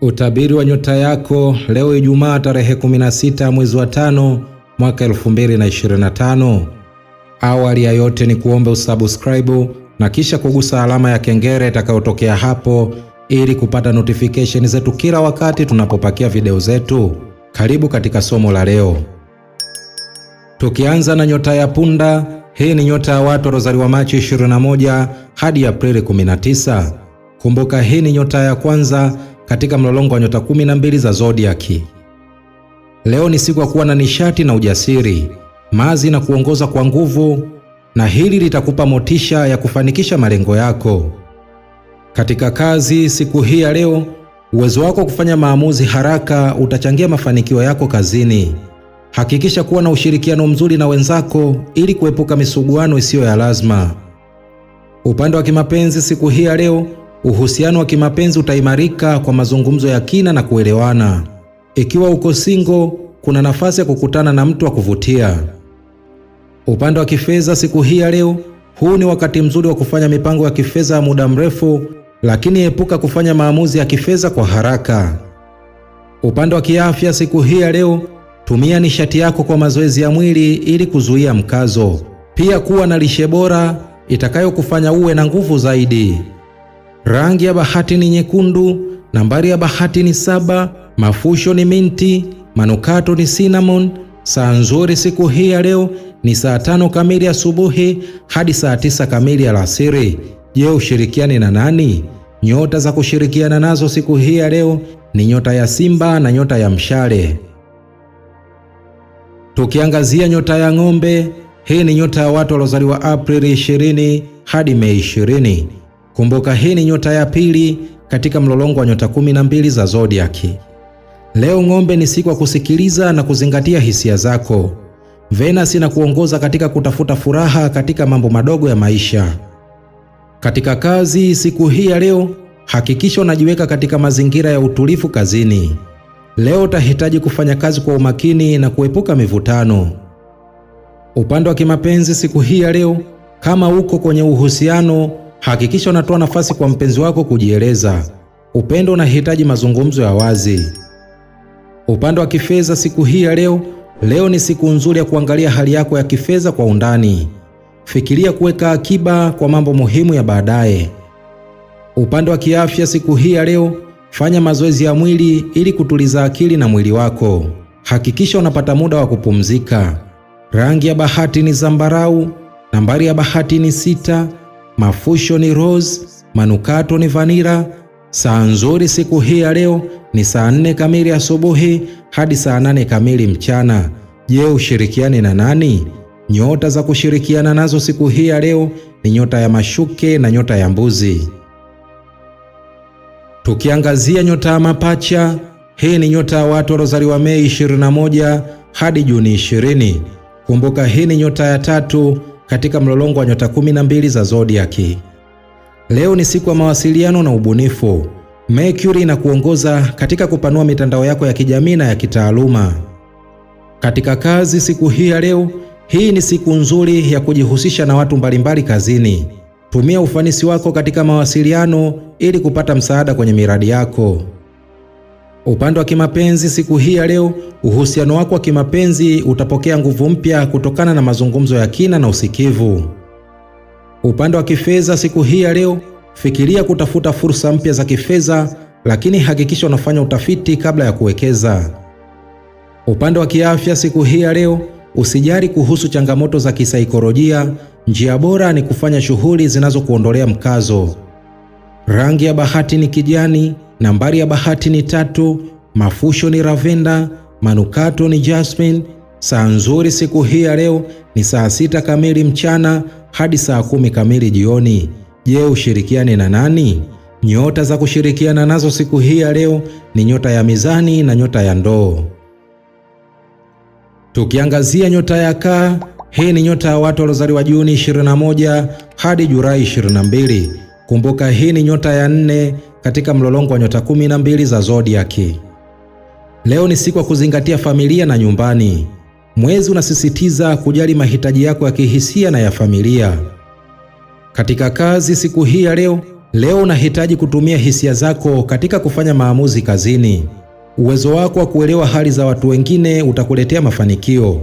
Utabiri wa nyota yako leo Ijumaa tarehe 16 mwezi wa tano mwaka 2025. Awali ya yote ni kuombe usubscribe na kisha kugusa alama ya kengele itakayotokea hapo ili kupata notification zetu kila wakati tunapopakia video zetu. Karibu katika somo la leo. Tukianza na nyota ya punda, hii ni nyota ya watu waliozaliwa Machi 21 hadi Aprili 19. Kumbuka hii ni nyota ya kwanza katika mlolongo wa nyota kumi na mbili za zodiaki. Leo ni siku ya kuwa na nishati na ujasiri, mazi na kuongoza kwa nguvu, na hili litakupa motisha ya kufanikisha malengo yako. Katika kazi siku hii ya leo, uwezo wako wa kufanya maamuzi haraka utachangia mafanikio yako kazini. Hakikisha kuwa na ushirikiano mzuri na wenzako ili kuepuka misuguano isiyo ya lazima. Upande wa kimapenzi siku hii ya leo, uhusiano wa kimapenzi utaimarika kwa mazungumzo ya kina na kuelewana. Ikiwa uko single, kuna nafasi ya kukutana na mtu wa kuvutia. Upande wa kifedha siku hii ya leo, huu ni wakati mzuri wa kufanya mipango ya kifedha ya muda mrefu, lakini epuka kufanya maamuzi ya kifedha kwa haraka. Upande wa kiafya siku hii ya leo, tumia nishati yako kwa mazoezi ya mwili ili kuzuia mkazo. Pia kuwa na lishe bora itakayokufanya uwe na nguvu zaidi rangi ya bahati ni nyekundu, nambari ya bahati ni saba, mafusho ni minti, manukato ni cinnamon. Saa nzuri siku hii ya leo ni saa tano kamili asubuhi hadi saa tisa kamili alasiri. Je, ushirikiane na nani? Nyota za kushirikiana nazo siku hii ya leo ni nyota ya Simba na nyota ya Mshale. Tukiangazia nyota ya Ng'ombe, hii ni nyota ya watu waliozaliwa Aprili 20 hadi Mei 20. Kumbuka hii ni nyota ya pili katika mlolongo wa nyota kumi na mbili za zodiaki. Leo ng'ombe, ni siku ya kusikiliza na kuzingatia hisia zako. Venus inakuongoza katika kutafuta furaha katika mambo madogo ya maisha. Katika kazi siku hii ya leo, hakikisha unajiweka katika mazingira ya utulivu kazini. Leo utahitaji kufanya kazi kwa umakini na kuepuka mivutano. Upande wa kimapenzi siku hii ya leo, kama uko kwenye uhusiano Hakikisha unatoa nafasi kwa mpenzi wako kujieleza. Upendo unahitaji mazungumzo ya wazi. Upande wa kifedha siku hii ya leo, leo ni siku nzuri ya kuangalia hali yako ya kifedha kwa undani. Fikiria kuweka akiba kwa mambo muhimu ya baadaye. Upande wa kiafya siku hii ya leo, fanya mazoezi ya mwili ili kutuliza akili na mwili wako. Hakikisha unapata muda wa kupumzika. Rangi ya bahati ni zambarau. Nambari ya bahati ni sita mafusho ni rose, manukato ni vanira. Saa nzuri siku hii ya leo ni saa nne kamili asubuhi hadi saa nane kamili mchana. Je, ushirikiane na nani? Nyota za kushirikiana nazo siku hii ya leo ni nyota ya mashuke na nyota ya mbuzi. Tukiangazia nyota ya mapacha, hii ni nyota ya watu waliozaliwa Mei 21 hadi Juni 20. Kumbuka hii ni nyota ya tatu katika mlolongo wa nyota kumi na mbili za zodiaki. Leo ni siku ya mawasiliano na ubunifu. Mercury inakuongoza katika kupanua mitandao yako ya kijamii na ya kitaaluma. Katika kazi siku hii ya leo, hii ni siku nzuri ya kujihusisha na watu mbalimbali kazini. Tumia ufanisi wako katika mawasiliano ili kupata msaada kwenye miradi yako. Upande wa kimapenzi siku hii ya leo, uhusiano wako wa kimapenzi utapokea nguvu mpya kutokana na mazungumzo ya kina na usikivu. Upande wa kifedha siku hii ya leo, fikiria kutafuta fursa mpya za kifedha, lakini hakikisha unafanya utafiti kabla ya kuwekeza. Upande wa kiafya siku hii ya leo, usijali kuhusu changamoto za kisaikolojia. Njia bora ni kufanya shughuli zinazokuondolea mkazo. Rangi ya bahati ni kijani. Nambari ya bahati ni tatu, mafusho ni ravenda, manukato ni jasmine. Saa nzuri siku hii ya leo ni saa sita kamili mchana hadi saa kumi kamili jioni. Je, ushirikiane na nani? Nyota za kushirikiana nazo siku hii ya leo ni nyota ya mizani na nyota ya ndoo. Tukiangazia nyota ya kaa, hii ni nyota ya watu waliozaliwa Juni 21 hadi Julai 22. Kumbuka hii ni nyota ya nne katika mlolongo wa nyota kumi na mbili za zodiaki. Leo ni siku ya kuzingatia familia na nyumbani. Mwezi unasisitiza kujali mahitaji yako ya kihisia na ya familia. Katika kazi siku hii ya leo, leo unahitaji kutumia hisia zako katika kufanya maamuzi kazini. Uwezo wako wa kuelewa hali za watu wengine utakuletea mafanikio.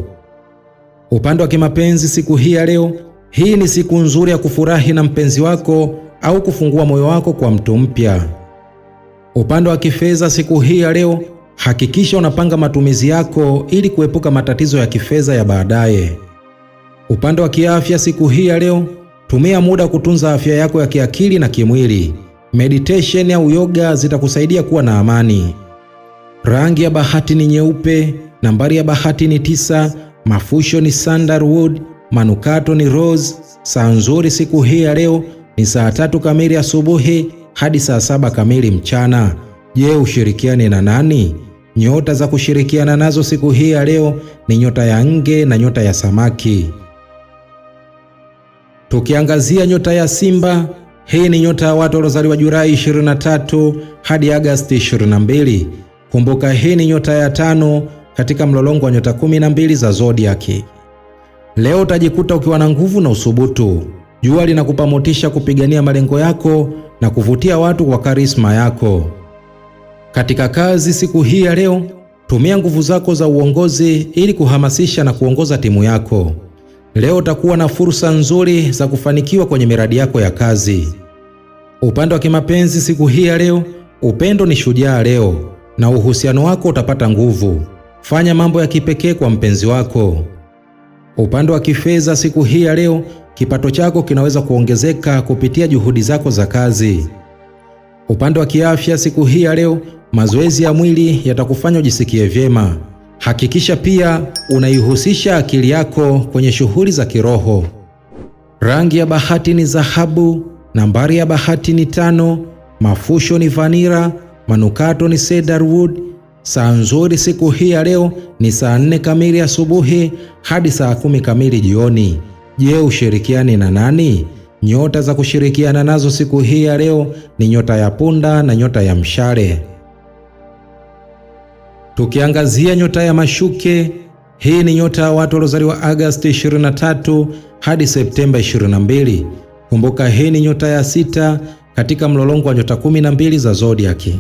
Upande wa kimapenzi siku hii ya leo, hii ni siku nzuri ya kufurahi na mpenzi wako au kufungua moyo wako kwa mtu mpya. Upande wa kifedha siku hii ya leo, hakikisha unapanga matumizi yako ili kuepuka matatizo ya kifedha ya baadaye. Upande wa kiafya siku hii ya leo, tumia muda kutunza afya yako ya kiakili na kimwili. Meditation au yoga zitakusaidia kuwa na amani. Rangi ya bahati ni nyeupe, nambari ya bahati ni tisa, mafusho ni sandalwood, manukato ni rose. Saa nzuri siku hii ya leo ni saa tatu kamili asubuhi hadi saa saba kamili mchana. Je, ushirikiane na nani? Nyota za kushirikiana nazo siku hii ya leo ni nyota ya nge na nyota ya samaki. Tukiangazia nyota ya Simba, hii ni nyota ya watu waliozaliwa Julai 23 hadi Agasti 22. Kumbuka, hii ni nyota ya tano katika mlolongo wa nyota 12 za zodiaki. Leo utajikuta ukiwa na nguvu na usubutu. Jua linakupa motisha kupigania malengo yako na kuvutia watu kwa karisma yako. Katika kazi siku hii ya leo, tumia nguvu zako za uongozi ili kuhamasisha na kuongoza timu yako. Leo utakuwa na fursa nzuri za kufanikiwa kwenye miradi yako ya kazi. Upande wa kimapenzi siku hii ya leo, upendo ni shujaa leo na uhusiano wako utapata nguvu. Fanya mambo ya kipekee kwa mpenzi wako. Upande wa kifedha siku hii ya leo, kipato chako kinaweza kuongezeka kupitia juhudi zako za kazi. Upande wa kiafya, siku hii ya leo, mazoezi ya mwili yatakufanya ujisikie vyema. Hakikisha pia unaihusisha akili yako kwenye shughuli za kiroho. Rangi ya bahati ni dhahabu, nambari ya bahati ni tano, mafusho ni vanira, manukato ni cedarwood. Saa nzuri siku hii ya leo ni saa nne kamili asubuhi hadi saa kumi kamili jioni. Je, ushirikiani na nani? Nyota za kushirikiana nazo siku hii ya leo ni nyota ya punda na nyota ya mshale. Tukiangazia nyota ya mashuke, hii ni nyota ya watu waliozaliwa Agosti 23 hadi Septemba 22. Kumbuka, hii ni nyota ya sita katika mlolongo wa nyota 12 za zodiaki.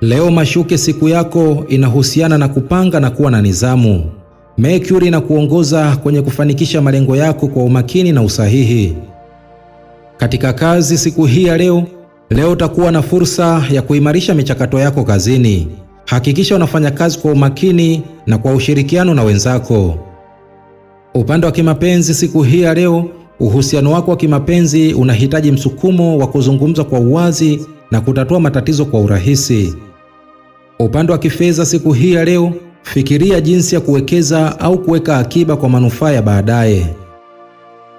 Leo mashuke, siku yako inahusiana na kupanga na kuwa na nidhamu. Mercury inakuongoza kwenye kufanikisha malengo yako kwa umakini na usahihi. Katika kazi siku hii ya leo, leo utakuwa na fursa ya kuimarisha michakato yako kazini. Hakikisha unafanya kazi kwa umakini na kwa ushirikiano na wenzako. Upande wa kimapenzi siku hii ya leo, uhusiano wako wa kimapenzi unahitaji msukumo wa kuzungumza kwa uwazi na kutatua matatizo kwa urahisi. Upande wa kifedha siku hii ya leo, Fikiria jinsi ya kuwekeza au kuweka akiba kwa manufaa ya baadaye.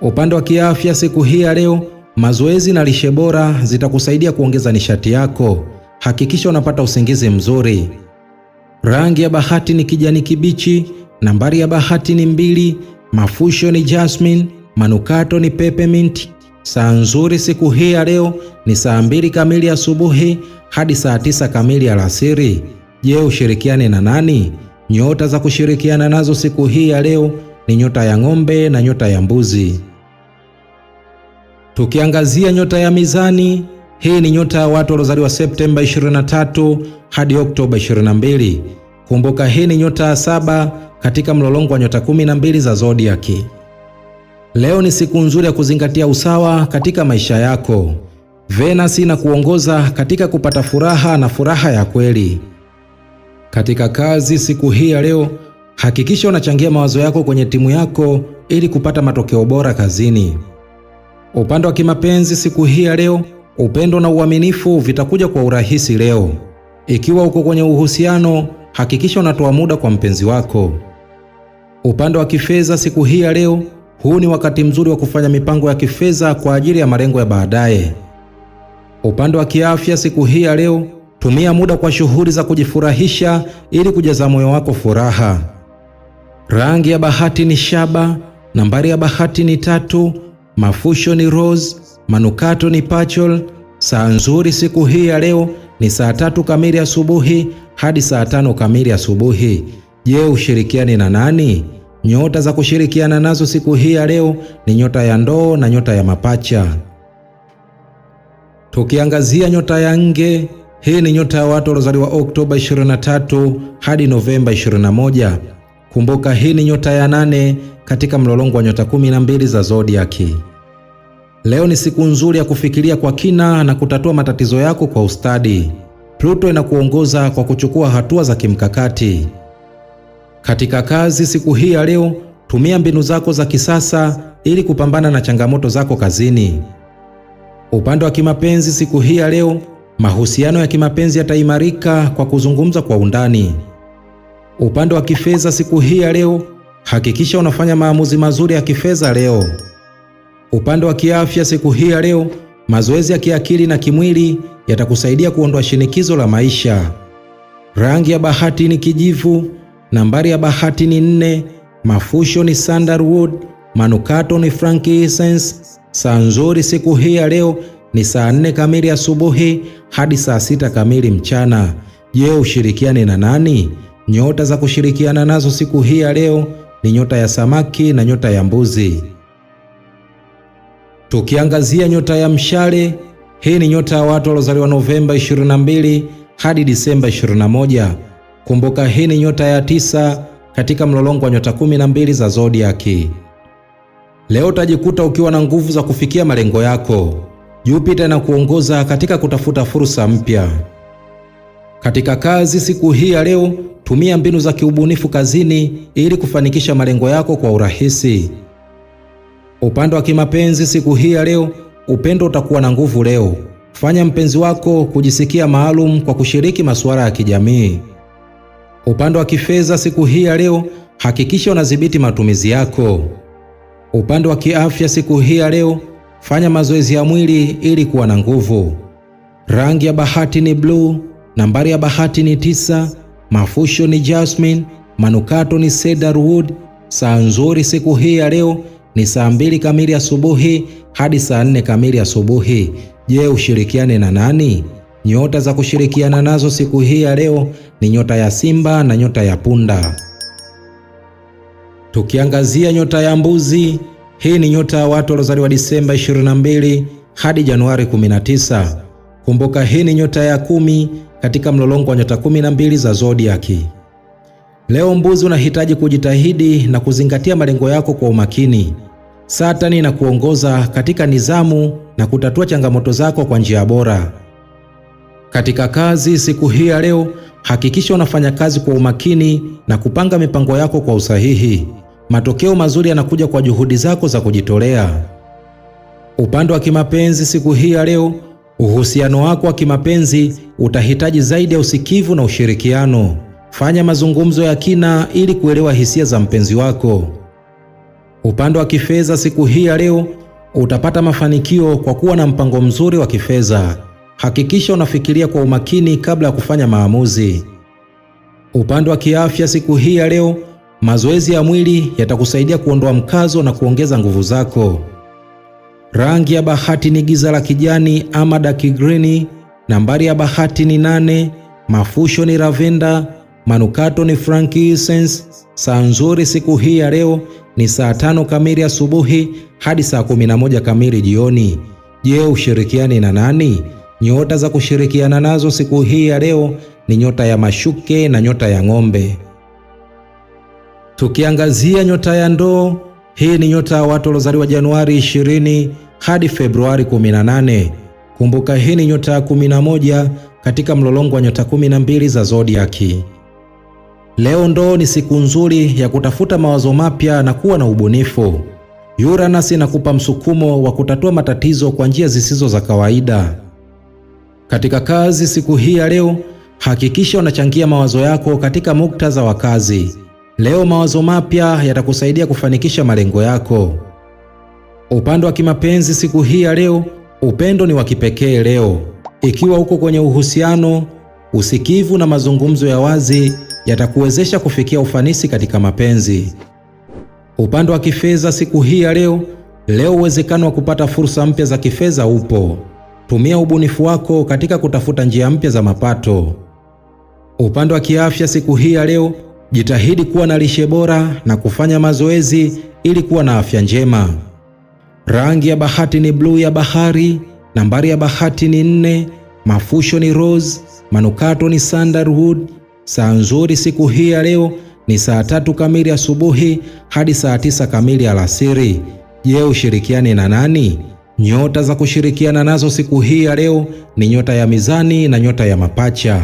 Upande wa kiafya, siku hii ya leo, mazoezi na lishe bora zitakusaidia kuongeza nishati yako. Hakikisha unapata usingizi mzuri. Rangi ya bahati ni kijani kibichi. Nambari ya bahati ni mbili. Mafusho ni jasmine. Manukato ni peppermint. Saa nzuri siku hii ya leo ni saa mbili kamili asubuhi hadi saa tisa kamili alasiri. Je, ushirikiane na nani? Nyota za kushirikiana nazo siku hii ya leo ni nyota ya ng'ombe na nyota ya mbuzi. Tukiangazia nyota ya mizani, hii ni nyota ya watu waliozaliwa Septemba 23 hadi Oktoba 22. Kumbuka, hii ni nyota ya saba katika mlolongo wa nyota 12 za zodiaki. Leo ni siku nzuri ya kuzingatia usawa katika maisha yako. Venus inakuongoza katika kupata furaha na furaha ya kweli. Katika kazi siku hii ya leo, hakikisha unachangia mawazo yako kwenye timu yako ili kupata matokeo bora kazini. Upande wa kimapenzi siku hii ya leo, upendo na uaminifu vitakuja kwa urahisi leo. Ikiwa uko kwenye uhusiano, hakikisha unatoa muda kwa mpenzi wako. Upande wa kifedha siku hii ya leo, huu ni wakati mzuri wa kufanya mipango ya kifedha kwa ajili ya malengo ya baadaye. Upande wa kiafya siku hii ya leo, Tumia muda kwa shughuli za kujifurahisha ili kujaza moyo wako furaha. Rangi ya bahati ni shaba, nambari ya bahati ni tatu, mafusho ni rose, manukato ni pachol. Saa nzuri siku hii ya leo ni saa tatu kamili asubuhi hadi saa tano kamili asubuhi. Je, ushirikiane na nani? Nyota za kushirikiana nazo siku hii ya leo ni nyota ya ndoo na nyota ya mapacha. Tukiangazia nyota ya nge hii ni nyota ya watu waliozaliwa Oktoba 23 hadi Novemba 21. Kumbuka hii ni nyota ya nane katika mlolongo wa nyota 12 za zodiaki. Leo ni siku nzuri ya kufikiria kwa kina na kutatua matatizo yako kwa ustadi. Pluto inakuongoza kwa kuchukua hatua za kimkakati. Katika kazi siku hii ya leo, tumia mbinu zako za kisasa ili kupambana na changamoto zako kazini. Upande wa kimapenzi siku hii ya leo, Mahusiano ya kimapenzi yataimarika kwa kuzungumza kwa undani. Upande wa kifedha siku hii ya leo, hakikisha unafanya maamuzi mazuri ya kifedha leo. Upande wa kiafya siku hii ya leo, mazoezi ya kiakili na kimwili yatakusaidia kuondoa shinikizo la maisha. Rangi ya bahati ni kijivu, nambari ya bahati ni nne, mafusho ni sandalwood, manukato ni frankincense. Saa nzuri siku hii ya leo ni saa nne kamili asubuhi hadi saa sita kamili mchana. Je, ushirikiane na nani? Nyota za kushirikiana nazo siku hii ya leo ni nyota ya samaki na nyota ya mbuzi. Tukiangazia nyota ya mshale, hii ni nyota ya watu waliozaliwa Novemba 22 hadi Disemba 21. Kumbuka, hii ni nyota ya tisa katika mlolongo wa nyota 12 za zodiaki. Leo utajikuta ukiwa na nguvu za kufikia malengo yako. Jupita inakuongoza katika kutafuta fursa mpya. Katika kazi siku hii ya leo, tumia mbinu za kiubunifu kazini ili kufanikisha malengo yako kwa urahisi. Upande wa kimapenzi siku hii ya leo, upendo utakuwa na nguvu leo. Fanya mpenzi wako kujisikia maalum kwa kushiriki masuala ya kijamii. Upande wa kifedha siku hii ya leo, hakikisha unadhibiti matumizi yako. Upande wa kiafya siku hii ya leo, Fanya mazoezi ya mwili ili kuwa na nguvu. Rangi ya bahati ni bluu, nambari ya bahati ni tisa, mafusho ni jasmine, manukato ni cedarwood. Saa nzuri siku hii ya leo ni saa mbili kamili asubuhi hadi saa nne kamili asubuhi. Je, ushirikiane na nani? Nyota za kushirikiana nazo siku hii ya leo ni nyota ya Simba na nyota ya Punda. Tukiangazia nyota ya Mbuzi, hii ni nyota ya watu waliozaliwa Disemba 22 hadi Januari 19. Kumbuka, hii ni nyota ya kumi katika mlolongo wa nyota 12 za zodiaki. Leo mbuzi, unahitaji kujitahidi na kuzingatia malengo yako kwa umakini. Satani inakuongoza katika nizamu na kutatua changamoto zako kwa njia bora. Katika kazi siku hii ya leo, hakikisha unafanya kazi kwa umakini na kupanga mipango yako kwa usahihi matokeo mazuri yanakuja kwa juhudi zako za kujitolea. Upande wa kimapenzi, siku hii ya leo, uhusiano wako wa kimapenzi utahitaji zaidi ya usikivu na ushirikiano. Fanya mazungumzo ya kina ili kuelewa hisia za mpenzi wako. Upande wa kifedha, siku hii ya leo, utapata mafanikio kwa kuwa na mpango mzuri wa kifedha. Hakikisha unafikiria kwa umakini kabla ya kufanya maamuzi. Upande wa kiafya, siku hii ya leo Mazoezi ya mwili yatakusaidia kuondoa mkazo na kuongeza nguvu zako. Rangi ya bahati ni giza la kijani ama dark green. Nambari ya bahati ni nane. Mafusho ni lavenda. Manukato ni frankincense. Saa nzuri siku hii ya leo ni saa tano kamili asubuhi hadi saa 11 kamili jioni. Je, ushirikiani na nani? Nyota za kushirikiana nazo siku hii ya leo ni nyota ya mashuke na nyota ya ng'ombe. Tukiangazia nyota ya ndoo, hii ni nyota ya watu waliozaliwa Januari 20 hadi Februari 18. Kumbuka hii ni nyota ya 11 katika mlolongo wa nyota 12 za zodiaki. Leo ndoo ni siku nzuri ya kutafuta mawazo mapya na kuwa na ubunifu. Uranus inakupa msukumo wa kutatua matatizo kwa njia zisizo za kawaida. Katika kazi siku hii ya leo, hakikisha unachangia mawazo yako katika muktadha wa kazi. Leo mawazo mapya yatakusaidia kufanikisha malengo yako. Upande wa kimapenzi siku hii ya leo, upendo ni wa kipekee leo. Ikiwa uko kwenye uhusiano, usikivu na mazungumzo ya wazi yatakuwezesha kufikia ufanisi katika mapenzi. Upande wa kifedha siku hii ya leo, leo uwezekano wa kupata fursa mpya za kifedha upo. Tumia ubunifu wako katika kutafuta njia mpya za mapato. Upande wa kiafya siku hii ya leo, Jitahidi kuwa na lishe bora na kufanya mazoezi ili kuwa na afya njema. Rangi ya bahati ni bluu ya bahari, nambari ya bahati ni nne, mafusho ni rose, manukato ni sandalwood. Saa nzuri siku hii ya leo ni saa tatu kamili asubuhi hadi saa tisa kamili alasiri. Je, ushirikiane na nani? Nyota za kushirikiana nazo siku hii ya leo ni nyota ya mizani na nyota ya mapacha.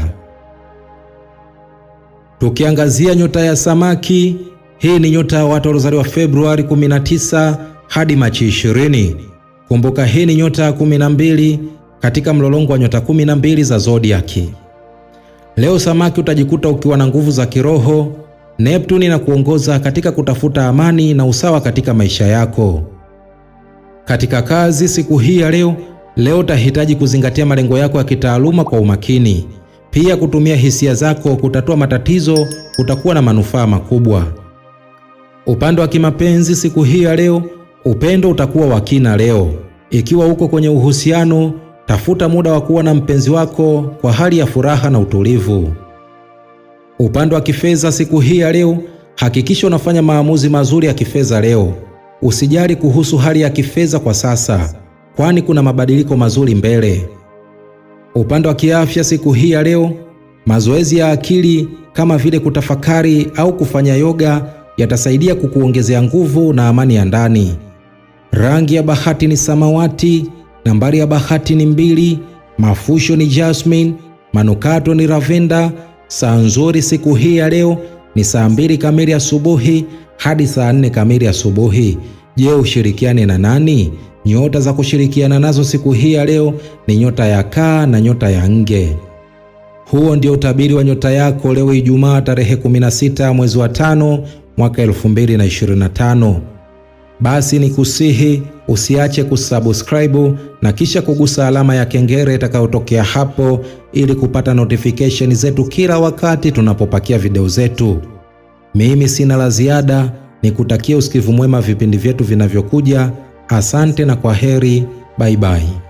Tukiangazia nyota ya samaki, hii ni nyota ya watu waliozaliwa Februari 19 hadi Machi 20. Kumbuka hii ni nyota ya 12 katika mlolongo wa nyota 12 za zodiaki. Leo samaki, utajikuta ukiwa na nguvu za kiroho. Neptuni na kuongoza katika kutafuta amani na usawa katika maisha yako. Katika kazi siku hii ya leo, leo utahitaji kuzingatia malengo yako ya kitaaluma kwa umakini. Pia kutumia hisia zako kutatua matatizo kutakuwa na manufaa makubwa. Upande wa kimapenzi siku hii ya leo, upendo utakuwa wa kina leo. Ikiwa uko kwenye uhusiano, tafuta muda wa kuwa na mpenzi wako kwa hali ya furaha na utulivu. Upande wa kifedha siku hii ya leo, hakikisha unafanya maamuzi mazuri ya kifedha leo. Usijali kuhusu hali ya kifedha kwa sasa, kwani kuna mabadiliko mazuri mbele. Upande wa kiafya siku hii ya leo, mazoezi ya akili kama vile kutafakari au kufanya yoga yatasaidia kukuongezea nguvu na amani ya ndani. Rangi ya bahati ni samawati, nambari ya bahati ni mbili, mafusho ni jasmine, manukato ni lavenda. Saa nzuri siku hii ya leo ni saa mbili kamili asubuhi hadi saa nne kamili asubuhi. Je, ushirikiane na nani? Nyota za kushirikiana nazo siku hii ya leo ni nyota ya kaa na nyota ya nge. Huo ndio utabiri wa nyota yako leo Ijumaa tarehe 16 mwezi wa tano mwaka 2025. Basi ni kusihi usiache kusubscribe na kisha kugusa alama ya kengele itakayotokea hapo ili kupata notification zetu kila wakati tunapopakia video zetu. Mimi sina la ziada, nikutakia usikivu mwema vipindi vyetu vinavyokuja. Asante na kwa heri, bye.